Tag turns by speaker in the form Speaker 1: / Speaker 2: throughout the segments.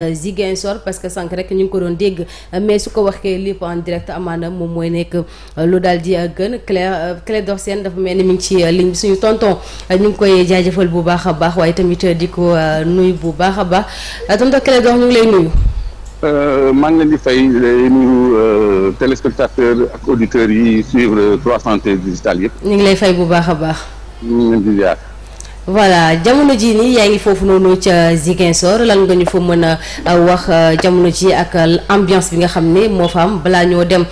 Speaker 1: Euh, Ziguinchor parce que sànq rek ñu ngi ko doon dégg euh, mais su ko waxee lépp en direct amaana moom mooy nekk euh, lu daal di gën Claire Claire Dorsène dafa mel ni mi ngi ci ligne bi suñu tonton ñu ngi koy jaajëfal bu baax a baax waaye tamit di ko nuyu bu baax a baax tonton Claire Dor ñu ngi lay nuyu.
Speaker 2: maa ngi leen di fay lay nuyu téléspectateurs ak auditeurs yi suivre 313 digital yëpp.
Speaker 1: ñu ngi lay fay bu baax a baax. ñu ngi voilà jamono ji nii yaa ngi foofu noonu ca Ziguinchor lan nga ñu fa mën a wax jamono ji ak ambiance bi nga xam ne moo fa am balaa ñoo dem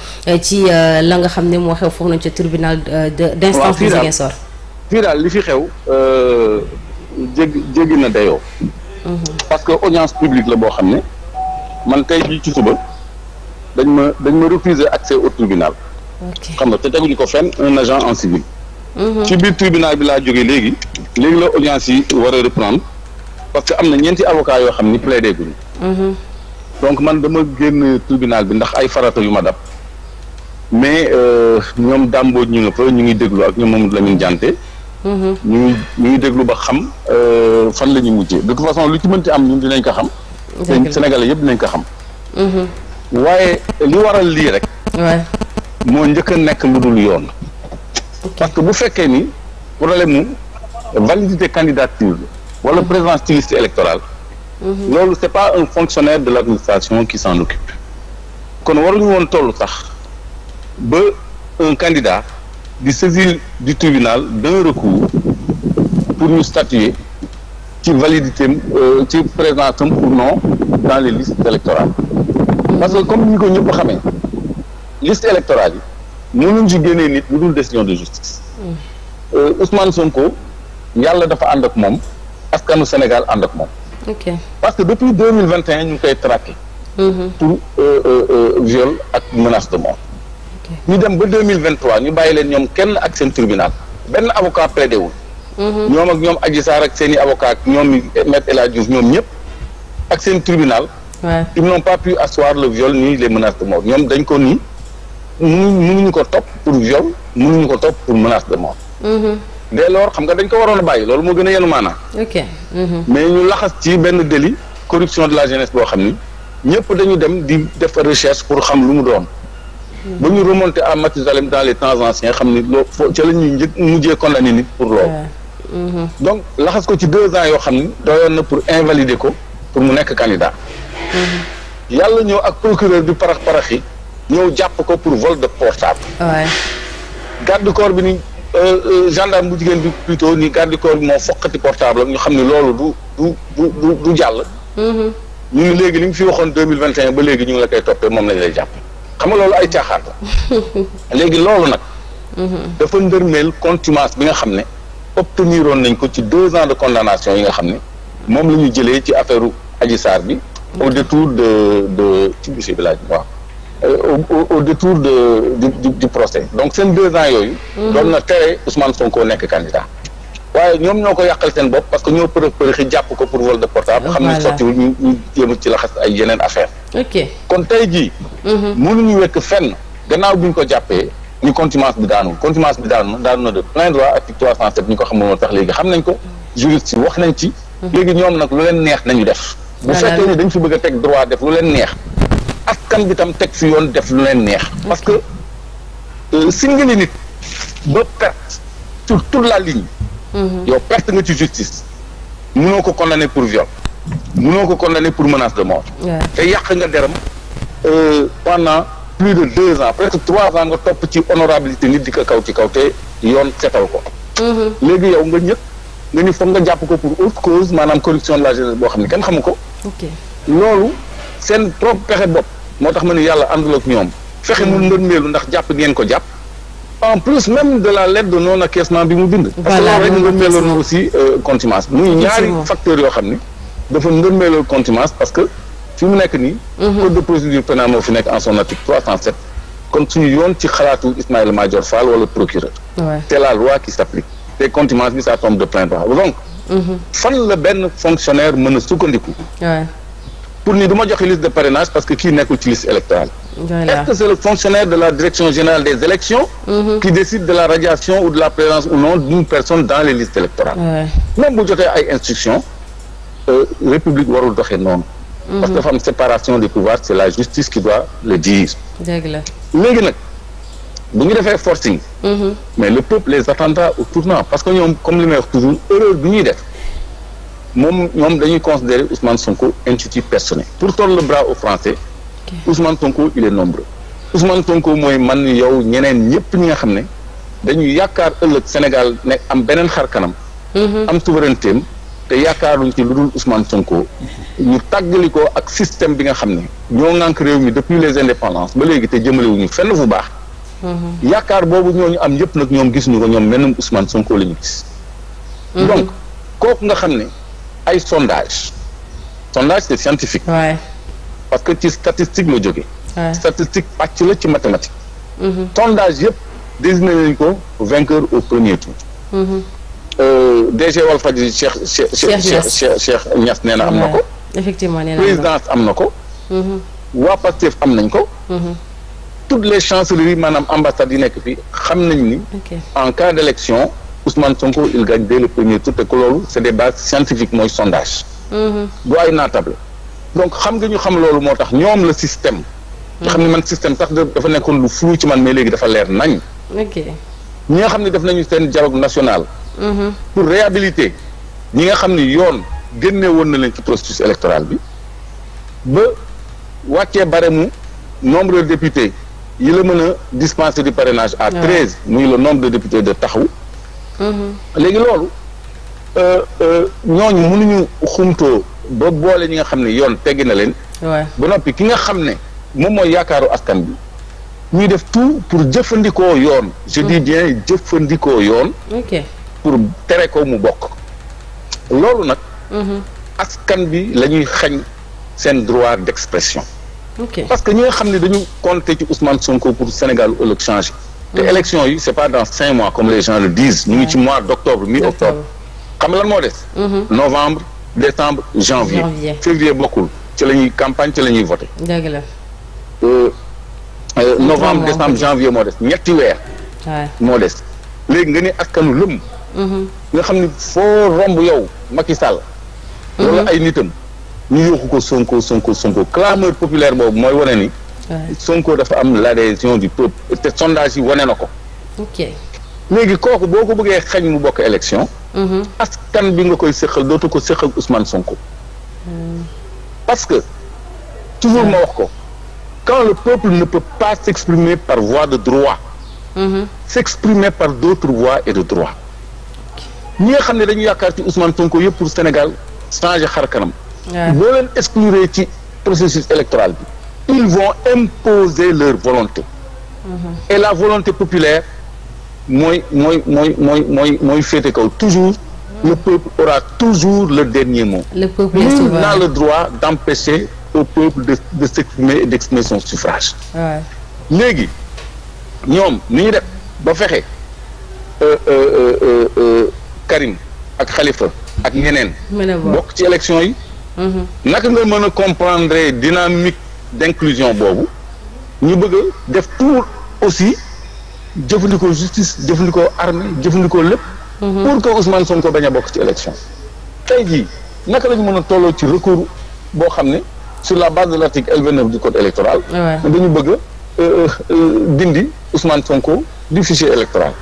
Speaker 1: ci la nga xam ne moo xew foofu noonu ca tribunal de d'instance de Ziguinchor
Speaker 2: fii daal fi xew euh, jéggi jéggi na dayoo mhm. parce que audience publique la boo xam ne man tey jii ci suba dañ ma dañ ma refuser accès au tribunal xam nga te teguñu ko fenn un agent en civil ci biir tribunal bi laa jógee léegi léegi la audience yi war a reprendre parce que am na ñeenti avocat yoo xam ni plaidé guñu mhm. donc man dama génn tribunal bi ndax ay farata yu ma dab mais euh, ñoom dàmbooj ñu nga ñu ngi déglu ak ñoom Mamadou Lamine Diante
Speaker 3: mhm. ñu ngi
Speaker 2: ñu ngi déglu ba xam euh, fan la ñuy mujjee de toute façon lu ci mënti am ñun dinañ ko xam
Speaker 3: te Sénégalais yëpp dinañ ko xam mhm.
Speaker 2: waaye li waral lii rek moo njëkk nekk lu dul yoon parce que bu fekkee ni problème mu validité candidature wala présent ci liste électorale mhm. loolu c'est pas un fonctionnaire de l'administration qui s'en occupe kon waruñu woon toll sax ba un candidat di saisir du tribunal d'un recours pour ñu statuer ci validité euh, ci présence am ou non dans les listes électorales parce que comme ni ko ñëpp xamee liste électorale mënuñ si génnee nit lu dul décision de justice. Mm. Euh, Ousmane Sonko yàlla dafa ànd ak moom askanu Sénégal ànd ak moom. ok parce que depuis deux mille vingt et un ñu ngi koy traqué. Mm-hmm. pour euh, euh, viol ak menace de mort. ñu dem ba deux mille vingt ñu bàyyi leen ñoom kenn ak seen tribunal benn avocat plaidé
Speaker 3: mm-hmm.
Speaker 2: ñoom ak ñoom Adji Sarr ak seen i avocat ak ñoom Maître El Hadji Diouf ñoom ñëpp ak seen tribunal. ils n'ont pas pu asseoir le viol ni les menaces de mort ñoom dañ ko nii.
Speaker 3: mënuñu
Speaker 2: ñu ko topp pour viol mënuñu ko topp pour menace de mort. Mm-hmm. dès lors xam nga dañ ko waroon a bàyyi loolu moo gën a yenu maanaa.
Speaker 1: ok. Mm-hmm.
Speaker 2: mais ñu laxas ci benn délit corruption de la jeunesse boo xam ni ñëpp dañu dem di def recherche pour xam lu mu doon. Mm-hmm. ba ñu remonter à Mathusalem dans les temps anciens xam ni loo fo ca la ñuy njëkk mujjee condamné nit pour
Speaker 3: loolu.
Speaker 2: donc laxas ko ci deux ans yoo xam ni doyoon na pour invalider ko pour mu nekk candidat. yàlla ñëw ak procureur du parax parax ñëw jàpp ko pour vol de portable. waay garde corps bi ni euh, euh, gendarme bu jigéen bi plutôt ni garde corps bi moo foqati portable ak xam ne loolu du du du du du jàll. Mm-hmm. ñu ni léegi li mu fi waxoon deux mille vingt et ba léegi ñu ngi la koy toppee moom lañ lay jàpp. xam nga loolu ay caaxaan
Speaker 3: la.
Speaker 2: léegi loolu nag. Mm-hmm. dafa ndërmeel contumace bi nga xam ne obtenir woon nañ ko ci deux ans de condamnation yi nga xam ne moom la ñu jëlee ci affaire Adji Sarr bi. au mm-hmm. détour de de ci monsieur bi laaj waaw. Euh, au au de du du donc seen deux ans yooyu. Mm-hmm. doon na tere Ousmane Sonko nekk candidat. waaye ñoom ñoo ko yàqal seen bopp parce que ñoo përëx përëxi jàpp ko pour vol de portable. xam ne sottiwul ñu ñu ci laxas ay yeneen affaire ok kon tey jii. Mm-hmm. mënuñu wekk fenn gannaaw bi ñu ko jàppee. ñu contumace bi daanu contumace bi daanu daanu na de plein droit article 307 ñu ko xamul woon léegi xam nañ ko juriste yi wax nañ ci. Mm-hmm. léegi ñoom nag lu leen neex nañu def. bu fekkee dañ fi bëgg a teg droit def lu leen neex. askan bi tam teg fi yoon def lu leen neex parce que euh, si nga nit ba perte sur toute la ligne mm-hmm. yow perte nga ci justice mënoo ko condamné pour viol mënoo ko condamné pour menace de mort te yàq nga deram euh, pendant plus de deux ans presque trois ans nga topp ci honorabilité nit di ko kaw ci kaw te yoon setal ko mm-hmm. léegi yow nga ñëpp nga ni foog nga jàpp ko pour autre cause maanaam corruption de la jeunesse boo xam ne kenn xamu ko loolu seen propre pexe bopp moo tax ma ne yàlla àndul ak ñoom fexe mu hmm. ndërmeelu ndax jàpp ngeen ko jàpp en plus même de la lettre de non acquiescement bi mu bind parce que loolu rek ndërmeeloon na euh, muy ñaari facteurs yoo xam ni dafa ndërmeeloon contumace parce que fi mu nekk nii hmm. code de procédure pénale moo fi nekk en son article 307 kon suñu yoon ci xalaatu Ismaïla Madior Fall wala procureur c'est la loi qui s'applique te contumace bi ça tombe de plein droit donc hmm. fan la benn fonctionnaire mën a sukkandiku pour ni du ma joxe liste de parrainage parce que kii nekkul électorale est que c'est le fonctionnaire de la direction générale des élections mhm. qui décide de la radiation ou de la présence ou non d'une personne dans les listes électorales ouais. même bu jotee ay instructions euh, warul doxee noonu
Speaker 3: mhm. parce que
Speaker 2: dafa am séparation la justice qui doit le dire dëgg la léegi nag bu ñu defee forcing mhm. mais le peuple les attendra au tournant parce que ñoom comme li may toujours erreur bi ñuy def moom ñoom dañuy considérer usman Sonko institut personnel pour tordre le bras aux Français okay. Sonko il est nombreux Ousmane Sonko mooy man yow ñeneen ñëpp ñi nga xam ne dañuy yaakaar ëllëg Sénégal nekk am beneen xar kanam mhm. am souveraineté am te yaakaaruñ ci lu dul Ousmane Sonko ñu tàggali ko ak système bi nga xam ne ñoo ŋànk réew mi depuis les indépendances ba léegi te jëmalewuñu fenn fu baax mhm. yaakaar boobu ñoo ñu am yëpp nag ñoom gis ñu ko ñoom mennum Ousmane Sonko la ñu gis mhm. donc kooku nga xam ne ay sondage sondage c'est scientifique. Ouais. parce que ci statistique la jógee. Ouais. statistique pàcc la ci mathématique. Mm -hmm. sondage yëpp désigné nañu ko vainqueur au premier tour. Mm -hmm. euh, DG Walfadjri Cheikh Cheikh Cheikh Cheikh Niass nee na am na présidence am na ko. Mm-hmm. waa Pastef am nañ ko. Mm-hmm. toutes les chancelleries maanaam ambassades yi nekk fii xam nañ ni. en cas d'élection Ousmane Sonko il gagne dès le premier tour te que loolu c' est des bases scientifiques mooy sondage. Mhm. du ay naatable. donc xam nga ñu xam loolu moo tax ñoom le système. nga xam ne man système sax dafa nekkoon lu flou ci man mais léegi dafa leer nañ. ok ñi nga xam ne def nañu seen dialogue national. Mhm. pour réhabiliter ñi nga xam ne yoon génne woon na leen ci processus électoral bi ba wàccee bare mu nombre de députés yi la mën a dispenser du parrainage à treize muy le nombre de députés de Taxawu. Mm-hmm. léegi loolu euh, euh, ñooñu mënuñu xumtoo ba boole ñi nga xam ne yoon tegg na leen. ba noppi ki nga xam ne moom mooy yaakaaru askan bi ñuy def tout pour jëfandikoo yoon. je mm. dis bien jëfandikoo yoon. ok pour tere ko mu bokk. loolu nag. Mm-hmm. askan bi la ñuy xañ seen droit d'expression. parce que ñi nga xam ne dañu compter ci Ousmane Sonko pour Sénégal ëllëg changé. te élection yi c'est pas dans cinq mois comme les gens le disent ñu ngi ci mois d'octobre mi-octobre xam nga lan moo des mhm. novembre décembre janvier février bokkul ci la ñuy campagne ci la ñuy voté dëgg la euh, euh, novembre décembre janvier moo des ñetti weer moo des léegi nga ne askanu lëmm mhm. nga xam ni foo romb yow Macky Sall wala mhm. ay nitam ñu yóoxu ko Sonko Sonko clameur populaire boobu mooy wane ni Sonko dafa am l'adhésion du peuple te sondage yi wane na ko. ok léegi kooku boo ko bëggee xañ mu bokk élection. Mhm. askan bi nga koy sëqal dootu ko sëqal Ousmane Sonko. Hmm. parce que toujours ma hmm. wax ko quand le peuple ne peut pas s'exprimer par voie de droit. Mhm. s'exprimer par d'autres voies et de droit. ñi nga xam ne dañu yaakaar ci Ousmane Sonko yëpp pour Sénégal changer xar kanam. boo leen exclure ci processus électoral bi. ils vont imposer leur volonté mm-hmm. et la volonté populaire mooy mooy mooy mooy mooy mooy féete kaw toujours le peuple aura toujours le dernier mot
Speaker 1: le peuple est souverain n'a
Speaker 2: le droit d'empêcher au peuple de de s'exprimer et d'exprimer son suffrage léegi ñoom ni ñu def ba fexe euh, euh, euh, Karim ak Khalifa ak ngeneen bokk ci élection yi
Speaker 1: mm-hmm.
Speaker 2: naka nga mën comprendre dynamique d'inclusion boobu ñu bëgg a def pour aussi jëfandikoo justice jëfandikoo armée jëfandikoo lépp. Mhm. pour que Ousmane Sonko bañ a bokk ci élection. tey jii naka la ñu mën a tolloo ci recours boo xam ne sur la base de l'article L29 du code électoral. dañu bëgg euh, euh, euh, dindi Ousmane Sonko du fichier électoral.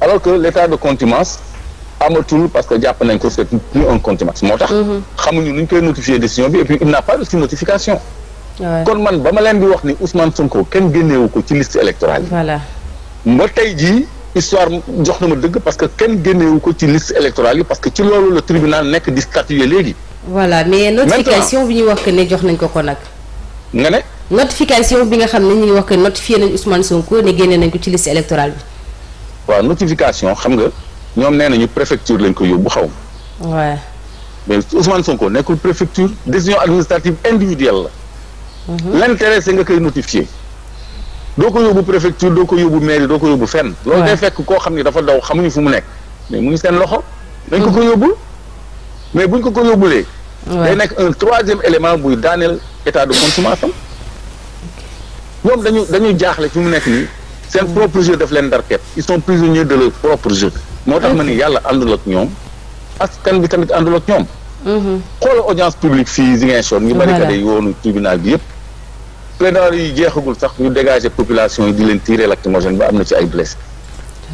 Speaker 2: alors que l'état de contumace amatul parce que jàpp nañ ko c'est plus un contumace moo tax. Mhm. xamuñu nu ñu koy notifier décision bi et puis il n'a pas reçu notification. kon man ba ma leen di wax ni Ousmane Sonko kenn génneewu ko ci list électorale yi. voilà ba tey jii histoire jox na ma dëgg parce que kenn génneewu ko ci list électorale yi parce que ci loolu la tribunal nekk di statuer léegi.
Speaker 1: voilà mais notification bi ñuy wax que ne jox nañ ko ko nag. nga ne. notification bi nga xam ne ñu ngi wax que notifié nañ Ousmane Sonko ne génne nañ ko ci liste électorale bi.
Speaker 2: waaw notification xam nga ñoom nee nañu préfecture lañ ko yóbbu xaw ma. waaw. mais Ousmane Sonko nekkul préfecture décision administrative individuelle la. Mm-hmm. l'intéressé nga koy notifier doo ko yóbbu préfecture doo ko yóbbu mairie doo ko yóbbu fen loolu day fekk koo xam ni dafa daw xamuñu fu mu nekk mais mu ngi seen loxo dañ ko ko mm-hmm. yóbbul mais buñ ko ko yóbbulee day nekk un troisième élément buy daaneel état de consommation ñoom dañu dañu jaaxle fi mu nekk nii seen mm-hmm. propre jeu daf leen darket ils sont prisonniers de leur propre jeu moo tax ma ni yàlla àndul ak ñoom askan bi tamit àndul ak ñoom xoolal audience publique fii Ziguinchor ñu barricade yoonu tribunal bi yëpp plaidoirie yi jeexagul sax ñu dégager population yi di leen tirer lacrymogène ba am na ci ay blessé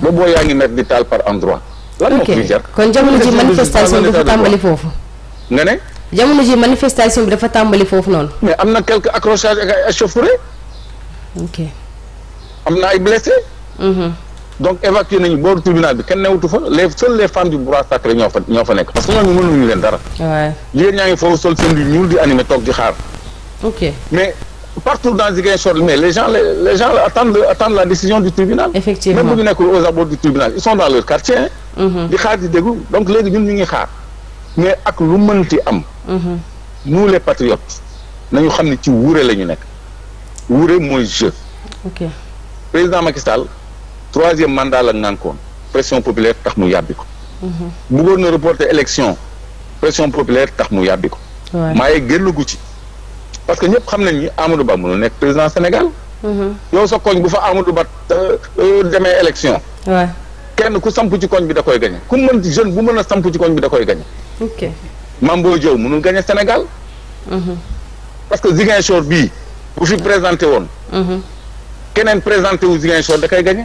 Speaker 2: ba yaa ngi mettre di taal par endroit.
Speaker 3: lan moo koy jar kon jamono ji
Speaker 2: manifestation dafa tàmbali
Speaker 1: foofu. nga ne. jamono ji manifestation bi dafa tàmbali foofu noonu.
Speaker 2: mais am na quelques accrochages ak ay échauffourées. ok. am na ay blessé. Mhm. donc évacué nañu booru tribunal bi kenn newutu fa les seules les femmes du bois sacré ñoo fa ñoo fa nekk parce que ñooñu mënuñu partout dans Ziguinchor mais les gens les, gens attendent la décision du
Speaker 1: tribunal. effectivement même bu ñu
Speaker 2: nekkul aux abords du tribunal ils sont dans leur quartier. Mm-hmm. di xaar di déglu donc léegi ñun ñu ngi xaar mais ak lu mënti am. Mm-hmm. nous les patriotes nañu xam ne ci wuure la ñu nekk wuure mooy jeu. ok président Macky troisième mandat la nankoon pression populaire tax mu yàbbi ko. Mm-hmm. bëggoon na reporter élection pression populaire tax mu yàbbi ko. waaye génn gu ci. parce que ñëpp xam nañ ni Amadou Ba mënul nekk président Sénégal. Mhm. yow sa koñ bu fa Amadou Ba euh, euh, demee élection. waaw kenn ku sampu ci koñ bi da koy gañe ku mën jeune bu mën a sampu ci koñ bi da koy gañe. ok boo Boye Diao mënul gañe Sénégal. Mhm. parce que Ziguinchor bii bu fi présenté woon. Mhm. keneen présenté wu Ziguinchor da koy gañe.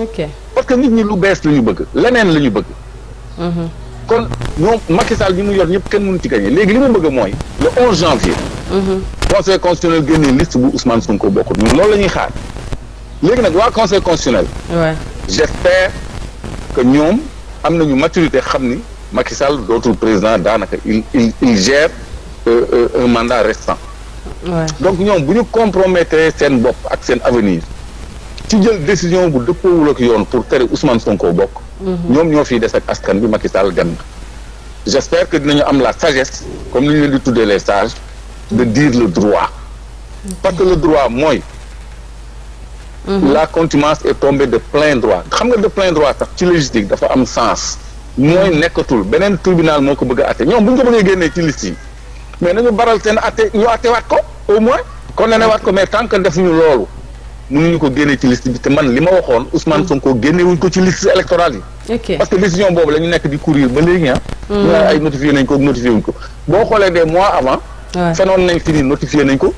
Speaker 2: ok parce que nit ñi lu bees la ñu bëgg leneen la ñu bëgg. kon ñoom Macky Sall ñi mu yor ñëpp kenn munu ci gañe léegi li mu bëgg mooy le 11 janvier. conseil constitutionnel génne liste bu Ousmane Sonko bokkut ñun loolu la ñuy xaar léegi nag waa conseil constitutionnel. waaw j'espère que ñoom am nañu maturité xam ni Macky Sall dootul président daanaka il il il gère euh, euh, un mandat ñoom bu ñu compromettre seen bopp ak seen avenir ci jël décision bu dëppoowul ak yoon pour tere Ousmane Sonko bokk. Mhm. ñoom ñoo fiy des ak askan bi Macky Sall dem na. j'espère que dinañu am la sagesse comme ni ñu leen di tuddee les sages. de dire le droit parce que le droit mooy mhm. la contumace est tombée de plein droit xam nga de plein droit sax ci logistique dafa am sens mooy mhm. nekkatul beneen tribunal moo ko bëgg a atte ñoom bu ñu ko bëggee génnee ci liste yi mais nañu baral seen atte ñu waat ko au moins kon ne waat ko mais tant que defuñu loolu mënuñu ko génnee ci liste bi te man li ma waxoon Ousmane mhm. Sonko génnewuñ ko ci liste électorale yi parce que décision boobu la ñu nekk di courir ah. ko notifié wuñ ko boo xoolee des mois avant fenoon nañ ci ni notifié nañ ko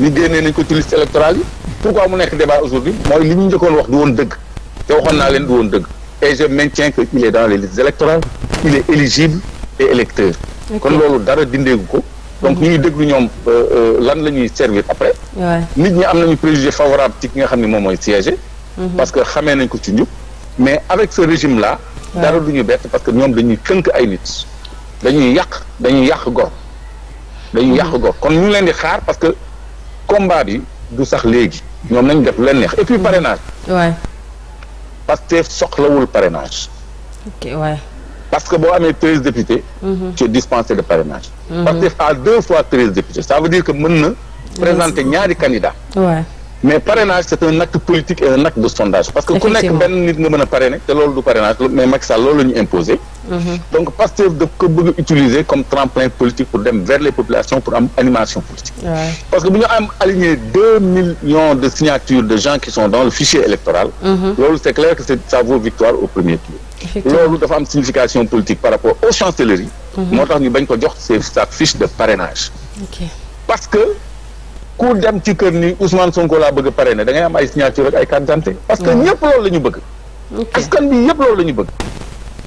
Speaker 2: ni génnee nañ ko ci liste électorale yi pourquoi mu nekk débat aujourd'hui mooy li ñu njëkkoon wax du woon dëgg te waxoon naa leen du woon dëgg et je maintiens que il est dans les listes électorales il est éligible et électeur kon loolu dara dindeegu ko donc ñu ngi mhm. déglu ñoom euh, euh, lan la ñuy servir après nit ñi am nañu préjugé favorable ci ki nga xam ni moom mooy siégé mhm. parce que xamee nañ ko ci ñëpp mais avec ce régime là dara du ñu bett parce que ñoom dañuy tënk ay nit dañuy yàq dañuy yàq gor dañuy yàq ko kon ñu leen di xaar parce que combat bi du sax léegi ñoom nañ def leen neex et puis parrainage. waay parce que soxlawul parrainage. ok waay. parce que boo amee treize députés. Mhm. tu es dispensé de parrainage. parce que à deux fois treize députés ça veut dire que mën na. présenter ñaari candidats. mais parrainage c' est un acte politique et un acte de sondage. parce que ku nekk benn nit nga mën du parrainage mais Macky Sall loolu la ñu imposé.
Speaker 3: Mhm. donc
Speaker 2: Pastef daf ko utiliser comme tremplin politique pour dem vers les populations pour animation politique. parce que bu ñu deux millions de signatures de gens qui sont dans le fichier électoral. Mhm. loolu c' clair que c' est victoire aux chancelleries. Mhm. moo tax de parrainage. Okay. parce ku dem ci kër ni Ousmane Sonko laa bëgg pare ne da ngay am ay signature ak ay carte d'identité parce que ñëpp loolu la ñu bëgg askan bi yëpp loolu la ñu bëgg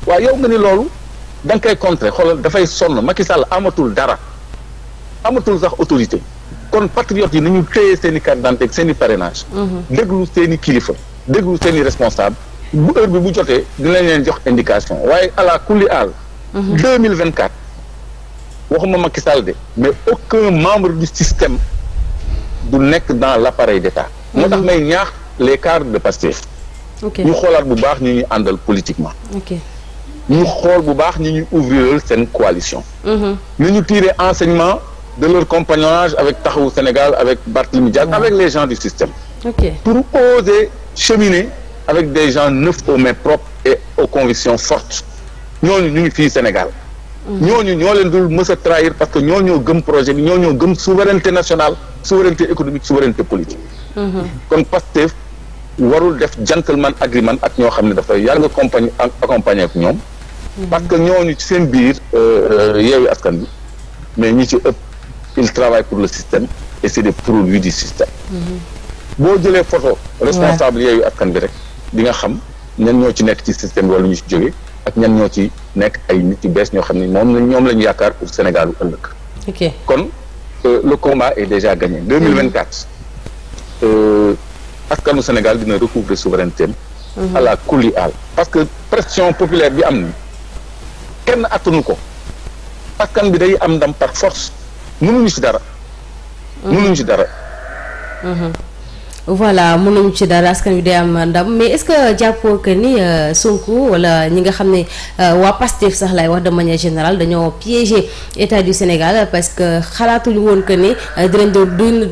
Speaker 2: waaw yow nga ni loolu da nga koy contrer xoolal dafay sonn Macky Sall amatul dara amatul sax autorité kon patriotes yi nañu téye seen i carte d'identité ak seen i parrainage mhm. déglu seen i kilifa déglu seen i responsable bu heure bi bu jotee dinañ leen jox indication waaye ala kulli mhm. deux mille vingt quatre waxuma Macky de du nekk dans l' appareil d' état. moo tax mhm. may ñaax les cadres bu baax ñu ñu àndal politiquement. ñu xool bu baax ñu ñu ouvriral seen coalition. Mhm. ñu ñu tirer enseignement de leur compagnonnage avec Taxawu Sénégal avec Barthélemy Dias mhm. avec les gens du système. Okay. pour oser cheminer avec des gens neufs aux mains propres et aux convictions fortes ñooñu ñu ngi fii Sénégal. ñooñu ñoo leen dul mës a trahir parce que ñoo ñoo gëm projet bi ñoo ñoo gëm souveraineté nationale souveraineté économique souveraineté politique. Mhm. kon Pastef warul def gentleman agreement ak ñoo xam ne dafay yàlla nga accompagner accompagner ak ñoom. Mhm. parce que ñooñu ci seen biir. Euh, euh, yeewi askan bi mais ñi ci ëpp ils travaillent pour le système et c'est des produits du système. Mhm. boo jëlee photo. responsable yeewi askan bi rek di nga xam ñan ñoo ci nekk ci système bi wala ñu ci jógee. ak ñan ñoo ci nekk ay nit yu bees ñoo xam ne moom lañ ñoom la ñu yaakaar pour Sénégal u ëllëg. ok kon euh, le combat est déjà gagné. 2024 euh, askanu Sénégal dina recouvrer souveraineté mhm. à la kulli aal. parce que pression populaire bi am na kenn attanu ko askan bi day am ndam par force mënuñu ci dara. Mhm. mënuñu ci dara.
Speaker 1: Mhm. voilà mënuñu ci dara askan wi dee am ndam mais est que jàppoo que ni euh, Sonko wala ñi nga xam ne euh, waa Pastef sax lay wax de manière général dañoo piéger état du Sénégal parce que xalaatuñu woon que ni euh, dinañ doon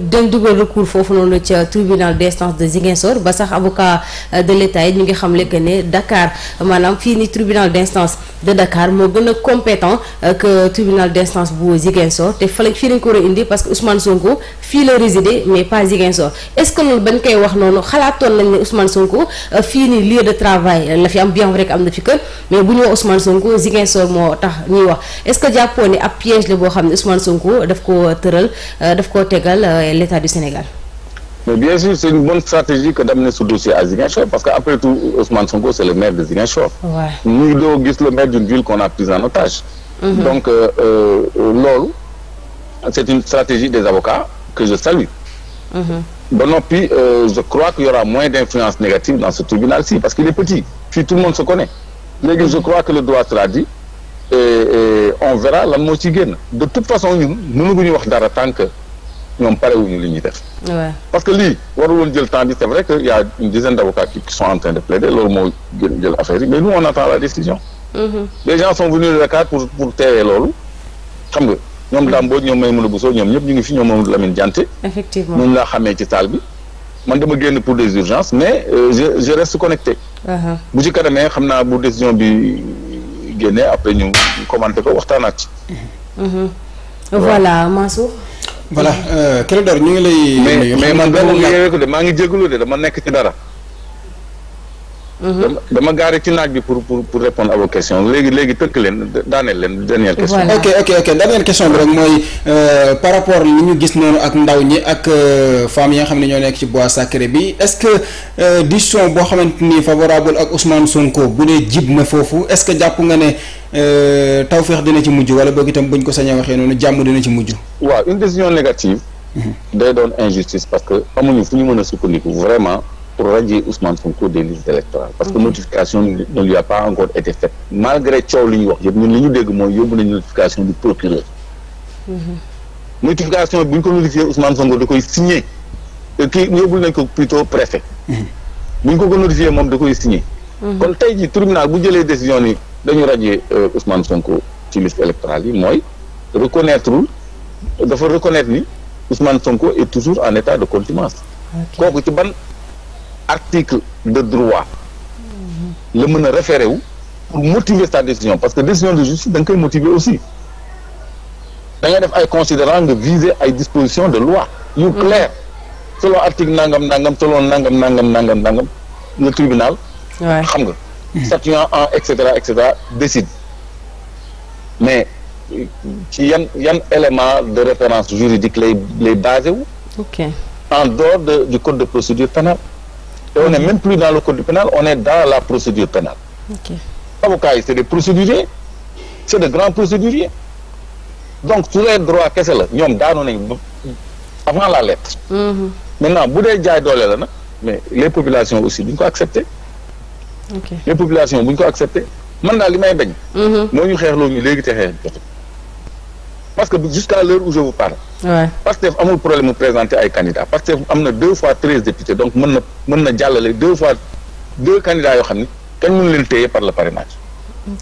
Speaker 1: dinañ dugal recours foofu noonu ca tribunal d'instance de Ziguinchor ba sax avocat de l'État yi ñu ngi xamle que ne dakaar maanaam fii ni tribunal d'instance de Dakar moo gën a compétent que tribunal d'instance bu Ziguinchor te fa lañ fii lañ ko war a indi parce que Ousmane Sonko fii la résidé mais pas Ziguinchor bañ koy wax noonu xalaatoon nañ ne Ousmane Sonko euh, fii nii lieu de travail la fi am bien vrai que am na fi kër mais bu ñu wax Ousmane Sonko Ziguinchor moo tax ñuy wax est-ce que jàppoo ni ab piège la boo xam ne Ousmane Sonko daf ko tëral euh, daf ko tegal euh, l'État du Sénégal.
Speaker 2: mais bien sûr c'est une bonne stratégie que d'amener ce dossier à Ziguinchor parce que après tout Ousmane Sonko c'est le maire de Ziguinchor. waaw ñu doo gis le maire d'une ville qu'on a prise en otage. Mm-hmm. donc loolu c'est une stratégie des avocats que je salue. Mm-hmm. ba noppi euh, je crois qu'il y aura moins d'influence négative dans ce tribunal-ci parce qu'il est petit fii tout le monde se connaît le droit sera dit on verra lan moo ci génn de toute façon ñun mënuñu wax dara tant que ñoom parewuñu li ñuy def. parce que lii warul woon jël temps bi c'est que y a une dizaine d'avocats qui sont en train de plaider loolu moo gën jël affaire yi mais nous on attend la décision.
Speaker 3: Mm -hmm.
Speaker 2: gens sont venus de Dakar pour pour teewee loolu xam nga. ñoom daam boo ñoom Maimouna Bousso ñoom ñëpp ñu ngi fi ñoom Mamadou Lamine Diante.
Speaker 1: effectivement moom
Speaker 2: laa xamee ci taal bi. man dama génn pour des urgences mais euh, je je reste connecté. Uh-huh. bu ci kanamee xam naa bu décision bi génnee après ñu commenté ko waxtaanaat ci.
Speaker 1: Uh-huh. voilà Mansour. voilà
Speaker 2: Clédor euh, ñu ngi lay. mais mais man benn maa ngi jégalu de dama nekk ci dara. dama dama gaare ci naaj bi pour pour pour répondre à vos questions léegi léegi tëkk leen daaneel leen dernière question. ok ok ok dernière question bi rek mooy euh, par rapport li ñu gis noonu ak ndaw ñi ak euh, femmes yi nga xam ne ñoo nekk ci bois sacré bi est-ce que euh, décision boo xamante ni favorable ak Ousmane Sonko bu dee jib na foofu est-ce que jàpp nga ne tawféex dina ci mujj wala boog itam buñ ko sañee waxee noonu jàmm dina ci mujj. waaw une décision négative. Mhm. day doon injustice parce que amuñu fu ñu mën a sukkandiku vraiment. pour radier Ousmane Sonko des listes électorales parce que notification ne lui a pas encore été faite malgré coow li ñu wax yëpp ñun li ñu dégg mooy yóbbu nañu notification du procureur mhm. notification bu ñu ko notifié Ousmane Sonko da koy signé euh, kii yóbbu nañ ko plutôt préfet mhm. bu ñu ko ko notifié moom da koy signé mhm. kon tey ji tribunal bu jëlee décision ni dañu radier euh, Ousmane Sonko ci liste électorale yi mooy reconnaître dafa reconnaître ni Ousmane Sonko est toujours en état de contumace article de droit la mën a référé wu pour motiver sa décision parce que décision de justice da nga koy motiver aussi da ngay def ay considérant nga viser ay dispositions de loi yu mm. clair selon article nangam nangam selon nangam nangam nangam nangam le tribunal xam nga mm. statuant en et cetera et cetera décide mais ci yan yan élément de référence juridique lay lay basé wu en dehors de du code de procédure pénale Et on n'est même plus dans le code pénal, on est dans la procédure pénale. Okay. Avocats yi c'est des procéduriers, c'est de grands procéduriers. Donc su dee droit kese la ñoom daanu nañ avant la lettre. Mm-hmm. Maintenant bu dee jaay doole la na mais les populations aussi duñ ko accepter. Okay. Les populations buñ ko accepter man daal li may bañ. Mhm. moo ñu xeexloo ñu léegi te xeex jotul. parce que jusqu'à l'heure où je vous parle ouais. Pastef amul problème mu présenter ay candidats Pastef am na deux fois treize députés donc mën na mën na jàllale deux fois deux candidats yoo xam ni kenn mënu leen téye par le parrainage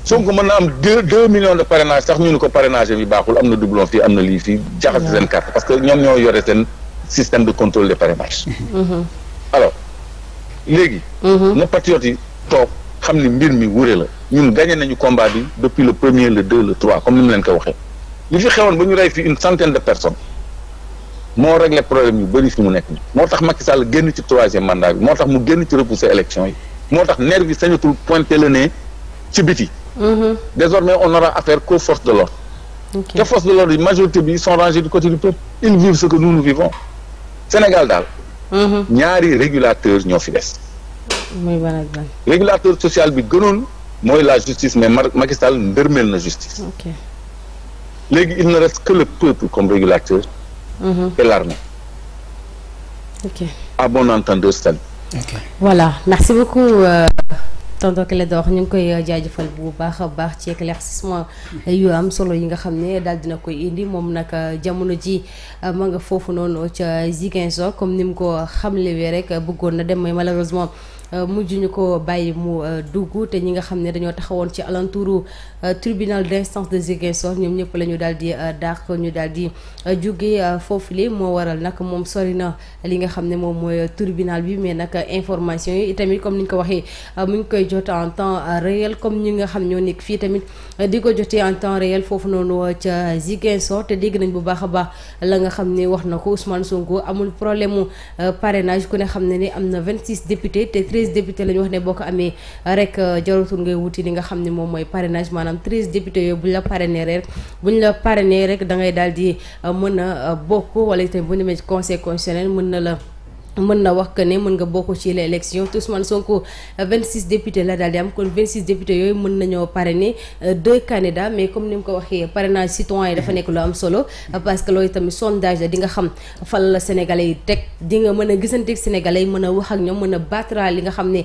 Speaker 2: Sonko mën na am deux deux millions de parrainage sax ñu ne ko parrainage bi baaxul am na doublon fii am na lii fii jaxase seen carte parce que ñoom ñoo yore seen système de contrôle des parrainages mm-hmm. alors léegi mm-hmm. na patriote yi toog xam ni mbir mi wure la leen ko waxee li fi xewoon ba ñu rey fi une centaine de personnes moo réglé problème yu bëri fi mu nekk moo tax Macky Sall génn ci troisième mandat bi moo tax mu génn ci repousser élection yi moo tax nerf yi sañatul pointé le nez ci biti. Mm-hmm. désormais on aura affaire qu'aux forces de l'ordre ok te forces de l'ordre yi majorité bi sont rangés du côté du peuple ils vivent ce que nous nous vivons Sénégal daal. Mm-hmm. ñaari régulateurs ñoo fi des. muy régulateur social bi gënoon mooy la justice mais Macky Sall ndërmeel na justice. léegi il ne reste que le peuple comme régulateur. Mm -hmm. et ok à bon entendeur sal.
Speaker 1: ok voilà merci beaucoup. Euh... tonton Clédor ñu ngi koy euh, jaajëfal bu baax a baax ci éclaircissement yu am solo yi nga xam ne daal dina koy indi moom nag euh, jamono ji euh, ma nga foofu noonu ca Ziguinchor comme ni mu ko xamlewee rek bëggoon na dem mais malheureusement. Euh, mujj ñu ko bàyyi mu euh, dugg te ñi nga xam ne dañoo taxawoon ci alentouru euh, tribunal d'instance de Ziguinchor ñoom ñëpp la ñu daal di dàq ñu daal di jóge foofule moo waral nag moom sori na li nga xam ne moom mooy tribunal bi mais nag information yi itamit comme ni ñu ko waxee mu ngi koy jot en temps réel comme ñi nga xam ñoo nekk fii tamit di ko jotee en temps réel foofu noonu ca Ziguinchor te dégg nañ bu baax a baax la nga xam ne wax na ko Ousmane Sonko amul problème mu parrainage ku ne xam ne ni am na 26 députés te treize députés la wax ne boo ko amee rek euh, jarutul ngay wuti li nga xam ne moom mooy parrainage maanaam treize députés yooyu buñ la parrainé rek ñu la parrainé rek da ngay daal di euh, mën a euh, bokk wala itam bu ñu demee conseil constitutionnel mën na la. mën na wax que ne mën nga bokk ci l'élection te Ousmane Sonko 26 euh, députés la daal di am kon 26 députés yooyu mën nañoo parrainer euh, deux candidats mais comme ni mu ko waxee parrainage citoyen yi dafa nekk lu am solo euh, parce que loolu tamit sondage la di nga xam fan la sénégalais yi teg di nga mën a gisanteeg sénégalais yi mën a wax ak ñoom mën a battre li nga xam ne